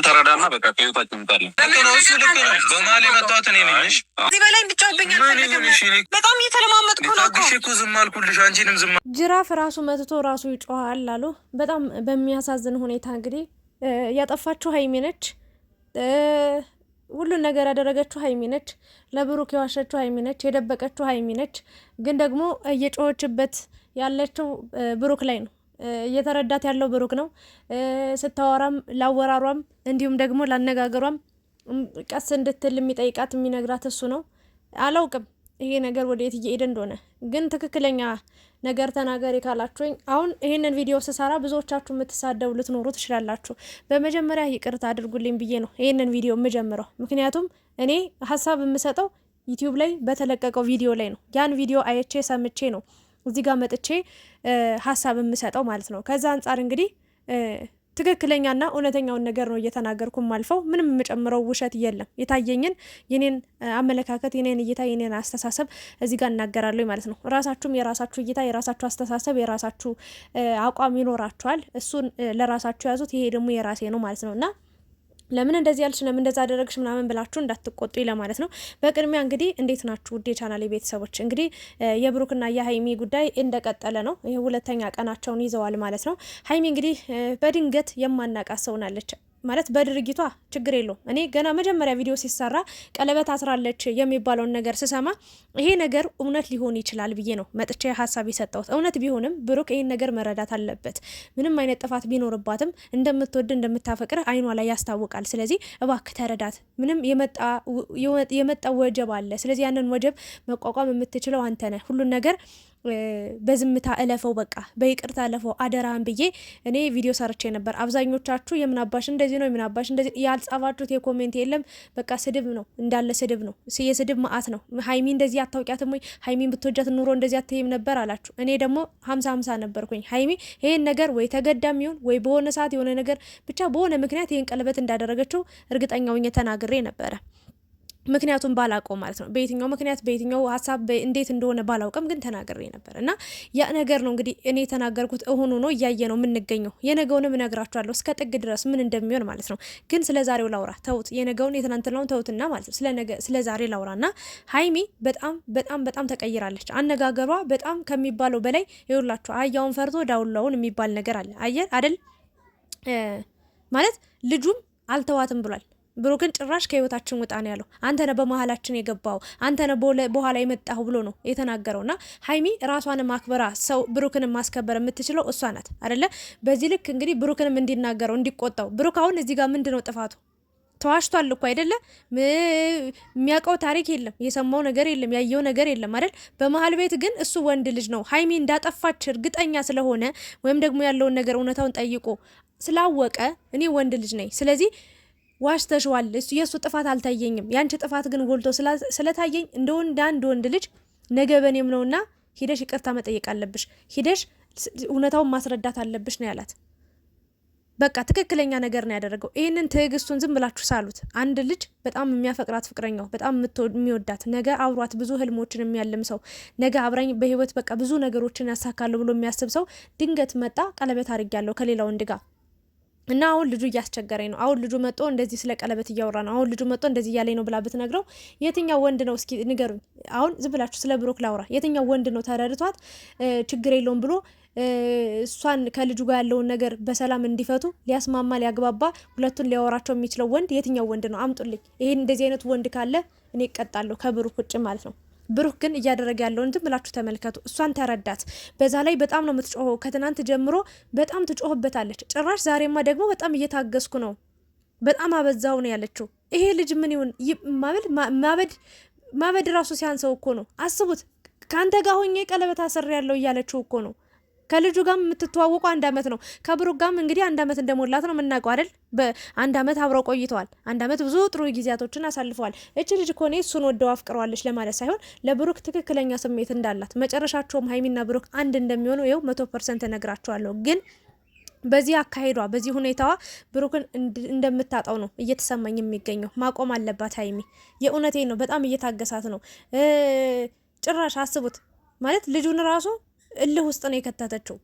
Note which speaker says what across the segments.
Speaker 1: እሷንም ተረዳና በቃ ከህይወታችን በላይ አንቺንም
Speaker 2: ጅራፍ ራሱ መጥቶ ራሱ ይጮሃል አሉ። በጣም በሚያሳዝን ሁኔታ እንግዲህ ያጠፋችው ሀይሚ ነች። ሁሉን ነገር ያደረገችው ሀይሚ ነች። ለብሩክ የዋሸችው ሀይሚ ነች። የደበቀችው ሀይሚ ነች። ግን ደግሞ እየጮኸችበት ያለችው ብሩክ ላይ ነው። እየተረዳት ያለው ብሩክ ነው። ስታወራም ላወራሯም እንዲሁም ደግሞ ላነጋገሯም ቀስ እንድትል የሚጠይቃት የሚነግራት እሱ ነው። አላውቅም ይሄ ነገር ወደ የት እየሄደ እንደሆነ ግን ትክክለኛ ነገር ተናገሪ ካላችሁኝ፣ አሁን ይህንን ቪዲዮ ስሰራ ብዙዎቻችሁ የምትሳደቡ ልትኖሩ ትችላላችሁ። በመጀመሪያ ይቅርታ አድርጉልኝ ብዬ ነው ይህንን ቪዲዮ የምጀምረው። ምክንያቱም እኔ ሀሳብ የምሰጠው ዩቲዩብ ላይ በተለቀቀው ቪዲዮ ላይ ነው። ያን ቪዲዮ አይቼ ሰምቼ ነው እዚህ ጋር መጥቼ ሀሳብ የምሰጠው ማለት ነው። ከዛ አንጻር እንግዲህ ትክክለኛና እውነተኛውን ነገር ነው እየተናገርኩ ማልፈው። ምንም የምጨምረው ውሸት የለም። የታየኝን የኔን አመለካከት፣ የኔን እይታ፣ የኔን አስተሳሰብ እዚህ ጋር እናገራለሁ ማለት ነው። ራሳችሁም የራሳችሁ እይታ፣ የራሳችሁ አስተሳሰብ፣ የራሳችሁ አቋም ይኖራችኋል። እሱን ለራሳችሁ ያዙት። ይሄ ደግሞ የራሴ ነው ማለት ነው እና ለምን እንደዚህ ያልሽ ለምን እንደዛ አደረግሽ ምናምን ብላችሁ እንዳትቆጡ ለማለት ነው። በቅድሚያ እንግዲህ እንዴት ናችሁ ውድ የቻናሌ ቤተሰቦች፣ እንግዲህ የብሩክና የሀይሚ ጉዳይ እንደቀጠለ ነው። ይህ ሁለተኛ ቀናቸውን ይዘዋል ማለት ነው። ሀይሚ እንግዲህ በድንገት የማናቃት ሰው ናለች። ማለት በድርጊቷ ችግር የለውም። እኔ ገና መጀመሪያ ቪዲዮ ሲሰራ ቀለበት አስራለች የሚባለውን ነገር ስሰማ ይሄ ነገር እውነት ሊሆን ይችላል ብዬ ነው መጥቼ ሀሳብ የሰጠሁት። እውነት ቢሆንም ብሩክ ይህን ነገር መረዳት አለበት። ምንም አይነት ጥፋት ቢኖርባትም እንደምትወድ እንደምታፈቅር አይኗ ላይ ያስታውቃል። ስለዚህ እባክ ተረዳት። ምንም የመጣ ወጀብ አለ። ስለዚህ ያንን ወጀብ መቋቋም የምትችለው አንተ ነህ። ሁሉን ነገር በዝምታ እለፈው፣ በቃ በይቅርታ እለፈው አደራን ብዬ እኔ ቪዲዮ ሰርቼ ነበር። አብዛኞቻችሁ የምናባሽ እንደዚህ ነው የምናባሽ እንደዚህ ያልጻፋችሁት የኮሜንት የለም። በቃ ስድብ ነው እንዳለ ስድብ ነው፣ የስድብ መዓት ነው። ሀይሚ እንደዚህ አታውቂያትም ወይ ሀይሚን ብትወጃት ኑሮ እንደዚህ አትይም ነበር አላችሁ። እኔ ደግሞ ሀምሳ ሀምሳ ነበርኩኝ። ሀይሚ ይሄን ነገር ወይ ተገዳም ይሆን ወይ በሆነ ሰዓት የሆነ ነገር ብቻ በሆነ ምክንያት ይህን ቀለበት እንዳደረገችው እርግጠኛ ሆኜ ተናግሬ ነበረ። ምክንያቱም ባላውቀው ማለት ነው። በየትኛው ምክንያት በየትኛው ሀሳብ እንዴት እንደሆነ ባላውቅም ግን ተናግሬ ነበር እና ያ ነገር ነው እንግዲህ እኔ የተናገርኩት እሁኑ ነው እያየ ነው የምንገኘው። የነገውንም እነግራችኋለሁ እስከ ጥግ ድረስ ምን እንደሚሆን ማለት ነው። ግን ስለ ዛሬው ላውራ ተውት፣ የነገውን የትናንትናውን ተውትና ማለት ነው። ስለ ዛሬ ላውራ እና ሀይሚ በጣም በጣም በጣም ተቀይራለች። አነጋገሯ በጣም ከሚባለው በላይ ይውላችሁ። አህያውን ፈርቶ ዳውላውን የሚባል ነገር አለ አየር አደል ማለት ልጁም አልተዋትም ብሏል ብሩክን ጭራሽ ከህይወታችን ውጣ ነው ያለው። አንተ ነህ በመሀላችን የገባው አንተ ነህ በኋላ የመጣው ብሎ ነው የተናገረው። እና ሀይሚ ራሷን ማክበራ ሰው ብሩክን ማስከበር የምትችለው እሷ ናት አደለ? በዚህ ልክ እንግዲህ ብሩክንም እንዲናገረው እንዲቆጣው። ብሩክ አሁን እዚህ ጋር ምንድን ነው ጥፋቱ? ተዋሽቷል እኮ አይደለ? የሚያውቀው ታሪክ የለም፣ የሰማው ነገር የለም፣ ያየው ነገር የለም አይደል? በመሀል ቤት ግን እሱ ወንድ ልጅ ነው። ሀይሚ እንዳጠፋች እርግጠኛ ስለሆነ ወይም ደግሞ ያለውን ነገር እውነታውን ጠይቆ ስላወቀ እኔ ወንድ ልጅ ነኝ ስለዚህ ዋሽተሽዋል። የእሱ ጥፋት አልታየኝም። ያንቺ ጥፋት ግን ጎልቶ ስለታየኝ እንደ ወንድ አንድ ወንድ ልጅ ነገ በኔም ነውና ሂደሽ ይቅርታ መጠየቅ አለብሽ፣ ሂደሽ እውነታውን ማስረዳት አለብሽ ነው ያላት። በቃ ትክክለኛ ነገር ነው ያደረገው። ይህንን ትዕግስቱን ዝም ብላችሁ ሳሉት። አንድ ልጅ በጣም የሚያፈቅራት ፍቅረኛው በጣም የሚወዳት ነገ አብሯት ብዙ ህልሞችን የሚያልም ሰው ነገ አብራኝ በህይወት በቃ ብዙ ነገሮችን ያሳካሉ ብሎ የሚያስብ ሰው ድንገት መጣ ቀለበት አድርጊያለሁ ከሌላ ወንድ ጋር እና አሁን ልጁ እያስቸገረኝ ነው፣ አሁን ልጁ መጦ እንደዚህ ስለ ቀለበት እያወራ ነው፣ አሁን ልጁ መጦ እንደዚህ እያለኝ ነው ብላ ብትነግረው የትኛው ወንድ ነው እስኪ ንገሩኝ። አሁን ዝም ብላችሁ ስለ ብሩክ ላውራ፣ የትኛው ወንድ ነው ተረድቷት ችግር የለውም ብሎ እሷን ከልጁ ጋር ያለውን ነገር በሰላም እንዲፈቱ ሊያስማማ ሊያግባባ ሁለቱን ሊያወራቸው የሚችለው ወንድ የትኛው ወንድ ነው? አምጡልኝ። ይሄን እንደዚህ አይነት ወንድ ካለ እኔ እቀጣለሁ ከብሩክ ውጭ ማለት ነው። ብሩክ ግን እያደረገ ያለውን ዝም ብላችሁ ተመልከቱ። እሷን ተረዳት። በዛ ላይ በጣም ነው የምትጮኸው። ከትናንት ጀምሮ በጣም ትጮህበታለች። ጭራሽ ዛሬማ ደግሞ በጣም እየታገስኩ ነው፣ በጣም አበዛው ነው ያለችው። ይሄ ልጅ ምን ይሁን ማበድ ማበድ ራሱ ሲያንሰው እኮ ነው። አስቡት ከአንተ ጋር ሆኜ ቀለበት አስሬ ያለው እያለችው እኮ ነው። ከልጁ ጋር የምትተዋወቁ አንድ አመት ነው። ከብሩክ ጋር እንግዲህ አንድ አመት እንደሞላት ነው የምናውቀው አይደል? በአንድ አመት አብረው ቆይተዋል። አንድ አመት ብዙ ጥሩ ጊዜያቶችን አሳልፈዋል። እች ልጅ ኮኔ እሱን ወደው አፍቅረዋለች ለማለት ሳይሆን ለብሩክ ትክክለኛ ስሜት እንዳላት መጨረሻቸውም ሀይሚና ብሩክ አንድ እንደሚሆኑ ይኸው መቶ ፐርሰንት እነግራቸዋለሁ ግን በዚህ አካሄዷ በዚህ ሁኔታዋ ብሩክን እንደምታጣው ነው እየተሰማኝ የሚገኘው። ማቆም አለባት ሀይሚ። የእውነቴ ነው። በጣም እየታገሳት ነው። ጭራሽ አስቡት ማለት ልጁን ራሱ እልህ ውስጥ ነው የከተተችው።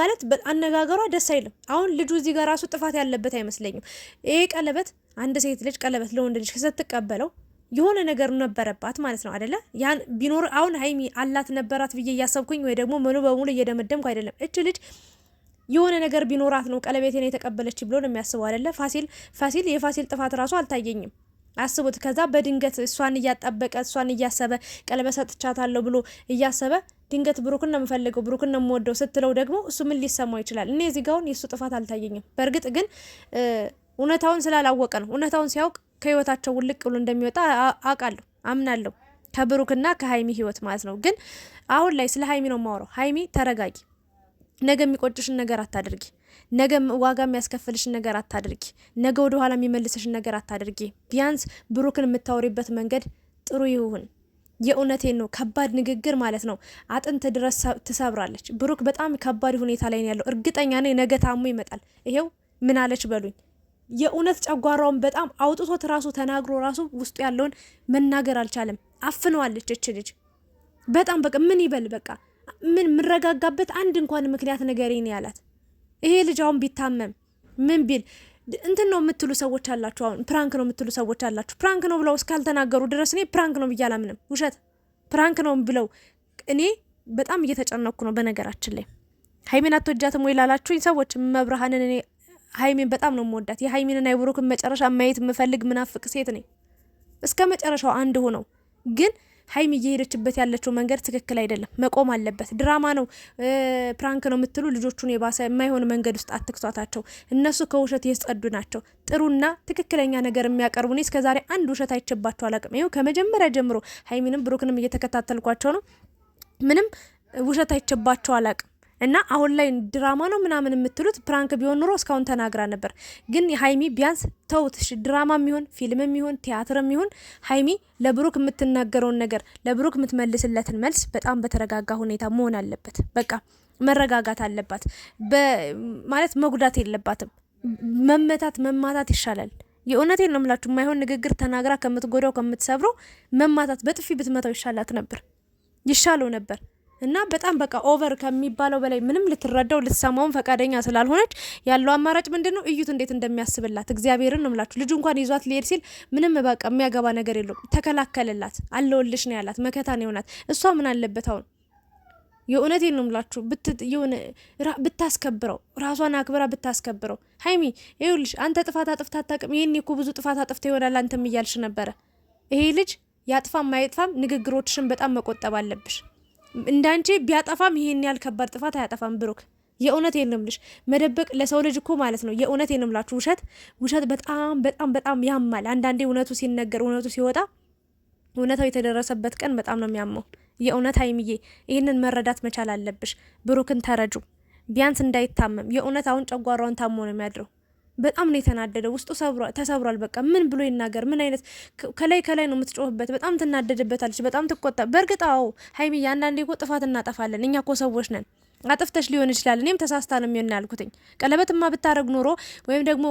Speaker 2: ማለት አነጋገሯ ደስ አይልም። አሁን ልጁ እዚህ ጋር ራሱ ጥፋት ያለበት አይመስለኝም። ይሄ ቀለበት አንድ ሴት ልጅ ቀለበት ለወንድ ልጅ ስትቀበለው የሆነ ነገር ነበረባት ማለት ነው አደለ? ያን ቢኖር አሁን ሀይሚ አላት ነበራት ብዬ እያሰብኩኝ ወይ ደግሞ ሙሉ በሙሉ እየደመደምኩ አይደለም። እች ልጅ የሆነ ነገር ቢኖራት ነው ቀለቤቴን የተቀበለች ብሎ ነው የሚያስበው አደለ? ፋሲል ፋሲል የፋሲል ጥፋት ራሱ አልታየኝም። አስቡት። ከዛ በድንገት እሷን እያጣበቀ እሷን እያሰበ ቀለበት ሰጥቻታለሁ ብሎ እያሰበ ድንገት ብሩክን ነው የምፈልገው ብሩክን ነው የምወደው ስትለው ደግሞ እሱ ምን ሊሰማው ይችላል? እኔ እዚህ ጋውን የእሱ ጥፋት አልታየኝም። በእርግጥ ግን እውነታውን ስላላወቀ ነው። እውነታውን ሲያውቅ ከህይወታቸው ውልቅ ብሎ እንደሚወጣ አውቃለሁ፣ አምናለሁ። ከብሩክና ከሀይሚ ህይወት ማለት ነው። ግን አሁን ላይ ስለ ሀይሚ ነው የማወራው። ሀይሚ ተረጋጊ። ነገ የሚቆጭሽን ነገር አታድርጊ። ነገ ዋጋ የሚያስከፍልሽን ነገር አታድርጊ። ነገ ወደኋላ የሚመልስሽን ነገር አታድርጊ። ቢያንስ ብሩክን የምታወሪበት መንገድ ጥሩ ይሁን። የእውነቴን ነው። ከባድ ንግግር ማለት ነው። አጥንት ድረስ ትሰብራለች። ብሩክ በጣም ከባድ ሁኔታ ላይ ነው ያለው። እርግጠኛ ነኝ ነገ ታሞ ይመጣል። ይሄው ምን አለች በሉኝ። የእውነት ጨጓራውን በጣም አውጥቶት ራሱ ተናግሮ ራሱ ውስጡ ያለውን መናገር አልቻለም። አፍነዋለች እች ልጅ በጣም በቃ ምን ይበል በቃ ምን የምረጋጋበት አንድ እንኳን ምክንያት ንገሪኝ ያላት ይሄ ልጅ አሁን ቢታመም ምን ቢል እንትን ነው የምትሉ ሰዎች አላችሁ። አሁን ፕራንክ ነው የምትሉ ሰዎች አላችሁ። ፕራንክ ነው ብለው እስካልተናገሩ ድረስ እኔ ፕራንክ ነው ብዬ አላምንም። ውሸት ፕራንክ ነው ብለው እኔ በጣም እየተጨነኩ ነው። በነገራችን ላይ ሀይሜን አትወጃትም ወይ ላላችሁኝ ሰዎች መብርሃንን እኔ ሀይሜን በጣም ነው የምወዳት። የሀይሜንና የብሩክን መጨረሻ ማየት የምፈልግ ምናፍቅ ሴት ነኝ። እስከ መጨረሻው አንድ ሆነው ግን ሀይሚ እየሄደችበት ያለችው መንገድ ትክክል አይደለም፣ መቆም አለበት። ድራማ ነው፣ ፕራንክ ነው የምትሉ ልጆቹን የባሰ የማይሆን መንገድ ውስጥ አትክቷታቸው። እነሱ ከውሸት የጸዱ ናቸው። ጥሩና ትክክለኛ ነገር የሚያቀርቡ እኔ እስከዛሬ አንድ ውሸት አይቼባቸው አላቅም። ይኸው ከመጀመሪያ ጀምሮ ሀይሚንም ብሩክንም እየተከታተልኳቸው ነው። ምንም ውሸት አይቼባቸው አላቅም። እና አሁን ላይ ድራማ ነው ምናምን የምትሉት ፕራንክ ቢሆን ኑሮ እስካሁን ተናግራ ነበር። ግን ሀይሚ ቢያንስ ተውትሽ ድራማ የሚሆን ፊልም የሚሆን ቲያትር የሚሆን ሀይሚ ለብሩክ የምትናገረውን ነገር ለብሩክ የምትመልስለትን መልስ በጣም በተረጋጋ ሁኔታ መሆን አለበት። በቃ መረጋጋት አለባት ማለት መጉዳት የለባትም። መመታት መማታት ይሻላል። የእውነቴን ነው የምላችሁ። የማይሆን ንግግር ተናግራ ከምትጎዳው ከምትሰብረው መማታት በጥፊ ብትመታው ይሻላት ነበር ይሻለው ነበር። እና በጣም በቃ ኦቨር ከሚባለው በላይ ምንም ልትረዳው ልትሰማውን ፈቃደኛ ስላልሆነች ያለው አማራጭ ምንድን ነው? እዩት እንዴት እንደሚያስብላት እግዚአብሔርን ነው ምላችሁ። ልጁ እንኳን ይዟት ሊሄድ ሲል ምንም በቃ የሚያገባ ነገር የለውም። ተከላከልላት፣ አለውልሽ ነው ያላት። መከታ ነው የሆናት። እሷ ምን አለበት አሁን የእውነት ነው ምላችሁ። ብታስከብረው ራሷን አክብራ ብታስከብረው። ሀይሚ ይኸውልሽ፣ አንተ ጥፋት አጥፍታ አታውቅም። ይህን እኮ ብዙ ጥፋት አጥፍታ ይሆናል አንተም እያልሽ ነበረ። ይሄ ልጅ ያጥፋም አይጥፋም፣ ንግግሮችሽን በጣም መቆጠብ አለብሽ። እንዳንቺ ቢያጠፋም ይሄን ያህል ከባድ ጥፋት አያጠፋም ብሩክ። የእውነት የንምልሽ መደበቅ ለሰው ልጅ እኮ ማለት ነው። የእውነት የንምላችሁ ውሸት ውሸት በጣም በጣም በጣም ያማል። አንዳንዴ እውነቱ ሲነገር እውነቱ ሲወጣ እውነታው የተደረሰበት ቀን በጣም ነው የሚያመው። የእውነት ሀይሚዬ ይህንን መረዳት መቻል አለብሽ። ብሩክን ተረጁ ቢያንስ እንዳይታመም። የእውነት አሁን ጨጓራውን ታሞ ነው የሚያድረው። በጣም ነው የተናደደው። ውስጡ ተሰብሯል። በቃ ምን ብሎ ይናገር? ምን አይነት ከላይ ከላይ ነው የምትጮህበት። በጣም ትናደድበታለች። በጣም ትቆጣ። በእርግጥ አዎ ሀይሚ፣ አንዳንዴ እኮ ጥፋት እናጠፋለን። እኛ እኮ ሰዎች ነን። አጥፍተሽ ሊሆን ይችላል። እኔም ተሳስታ ነው የሚሆን ያልኩትኝ። ቀለበትማ ብታረግ ኖሮ ወይም ደግሞ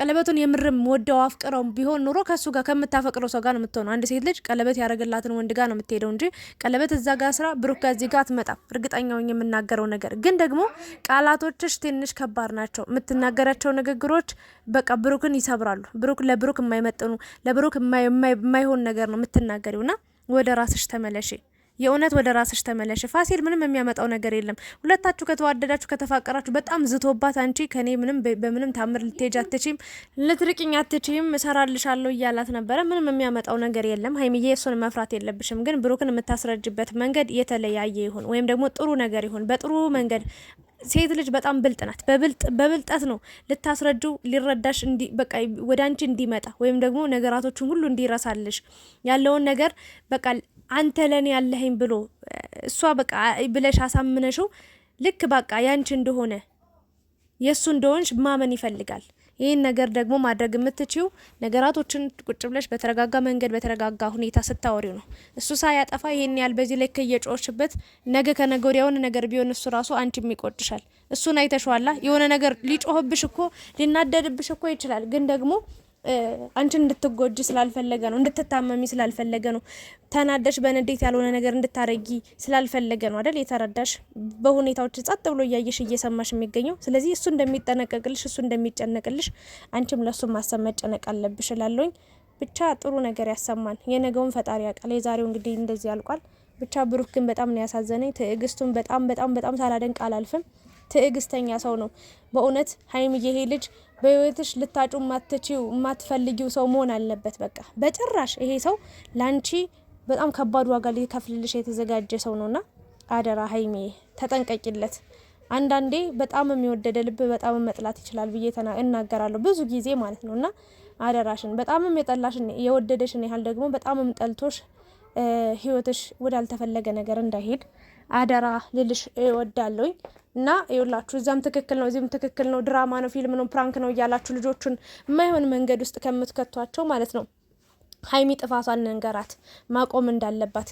Speaker 2: ቀለበቱን የምርም ወደው አፍቅረው ቢሆን ኑሮ ከሱ ጋር ከምታፈቅረው ሰው ጋር ነው የምትሆነው። አንድ ሴት ልጅ ቀለበት ያደረገላትን ወንድ ጋር ነው የምትሄደው እንጂ ቀለበት እዛ ጋር ስራ ብሩክ ጋር እዚህ ጋር አትመጣም። እርግጠኛው የምናገረው ነገር ግን ደግሞ ቃላቶችሽ ትንሽ ከባድ ናቸው። የምትናገራቸው ንግግሮች በቃ ብሩክን ይሰብራሉ። ብሩክ ለብሩክ የማይመጥኑ ለብሩክ የማይሆን ነገር ነው የምትናገሪውና ወደ ራስሽ ተመለሺ። የእውነት ወደ ራስሽ ተመለሽ። ፋሲል ምንም የሚያመጣው ነገር የለም። ሁለታችሁ ከተዋደዳችሁ ከተፋቀራችሁ፣ በጣም ዝቶባት አንቺ ከኔ ምንም በምንም ታምር ልትሄጅ አትችም፣ ልትርቅኝ አትችም፣ እሰራልሻለሁ እያላት ነበረ። ምንም የሚያመጣው ነገር የለም። ሀይሚዬ እሱን መፍራት የለብሽም። ግን ብሩክን የምታስረጅበት መንገድ የተለያየ ይሁን ወይም ደግሞ ጥሩ ነገር ይሁን በጥሩ መንገድ ሴት ልጅ በጣም ብልጥ ናት። በብልጠት ነው ልታስረጁ ሊረዳሽ በቃ ወደ አንቺ እንዲመጣ ወይም ደግሞ ነገራቶችን ሁሉ እንዲረሳልሽ ያለውን ነገር በቃ አንተ ለእኔ ያለኸኝ ብሎ እሷ በቃ ብለሽ አሳምነሽው ልክ በቃ ያንቺ እንደሆነ የእሱ እንደሆንሽ ማመን ይፈልጋል። ይህን ነገር ደግሞ ማድረግ የምትችው ነገራቶችን ቁጭ ብለሽ በተረጋጋ መንገድ በተረጋጋ ሁኔታ ስታወሪው ነው። እሱ ሳያጠፋ ይህን ያህል በዚህ ልክ እየጮሽበት ነገ ከነገ ወዲያ የሆነ ነገር ቢሆን እሱ ራሱ አንቺ ይቆጭሻል። እሱን አይተሸዋላ የሆነ ነገር ሊጮህብሽ እኮ ሊናደድብሽ እኮ ይችላል ግን ደግሞ አንቺን እንድትጎጂ ስላልፈለገ ነው፣ እንድትታመሚ ስላልፈለገ ነው። ተናደሽ በንዴት ያልሆነ ነገር እንድታረጊ ስላልፈለገ ነው አይደል? የተረዳሽ በሁኔታዎች ጸጥ ብሎ እያየሽ እየሰማሽ የሚገኘው። ስለዚህ እሱ እንደሚጠነቀቅልሽ እሱ እንደሚጨነቅልሽ አንቺም ለእሱ ማሰብ መጨነቅ አለብሽ እላለሁኝ። ብቻ ጥሩ ነገር ያሰማን። የነገውን ፈጣሪ ያውቃል። የዛሬው እንግዲህ እንደዚህ ያልቋል። ብቻ ብሩክ ግን በጣም ነው ያሳዘነኝ። ትዕግስቱን በጣም በጣም በጣም ሳላደንቅ አላልፍም። ትዕግስተኛ ሰው ነው። በእውነት ሀይሚዬ ይሄ ልጅ በህይወትሽ ልታጩ ማትችው ማትፈልጊው ሰው መሆን አለበት። በቃ በጭራሽ ይሄ ሰው ላንቺ በጣም ከባድ ዋጋ ሊከፍልልሽ የተዘጋጀ ሰው ነውና አደራ ሀይሚ ተጠንቀቂለት። አንዳንዴ በጣም የሚወደደ ልብ በጣም መጥላት ይችላል ብዬ እናገራለሁ ብዙ ጊዜ ማለት ነው እና አደራሽን በጣምም የጠላሽን የወደደሽን ያህል ደግሞ በጣምም ጠልቶሽ ህይወትሽ ወዳልተፈለገ ነገር እንዳይሄድ አደራ ልልሽ እወዳለሁኝ። እና ይውላችሁ እዛም ትክክል ነው፣ እዚህም ትክክል ነው፣ ድራማ ነው፣ ፊልም ነው፣ ፕራንክ ነው እያላችሁ ልጆቹን የማይሆን መንገድ ውስጥ ከምትከቷቸው ማለት ነው ሀይሚ ጥፋቷን ነንገራት ማቆም እንዳለባት፣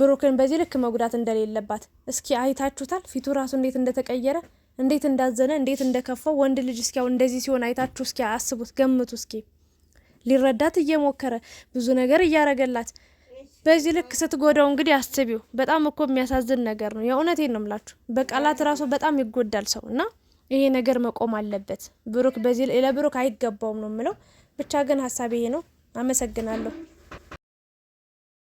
Speaker 2: ብሩክን በዚህ ልክ መጉዳት እንደሌለባት። እስኪ አይታችሁታል ፊቱ ራሱ እንዴት እንደተቀየረ እንዴት እንዳዘነ እንዴት እንደከፋው ወንድ ልጅ እስኪ አሁን እንደዚህ ሲሆን አይታችሁ እስኪ አስቡት፣ ገምቱ እስኪ ሊረዳት እየሞከረ ብዙ ነገር እያረገላት በዚህ ልክ ስትጎዳው እንግዲህ አስቢው። በጣም እኮ የሚያሳዝን ነገር ነው። የእውነት ነው ምላችሁ፣ በቃላት ራሱ በጣም ይጎዳል ሰው እና ይሄ ነገር መቆም አለበት። ብሩክ በዚህ ለብሩክ አይገባውም ነው የምለው። ብቻ ግን ሀሳብ ይሄ ነው። አመሰግናለሁ።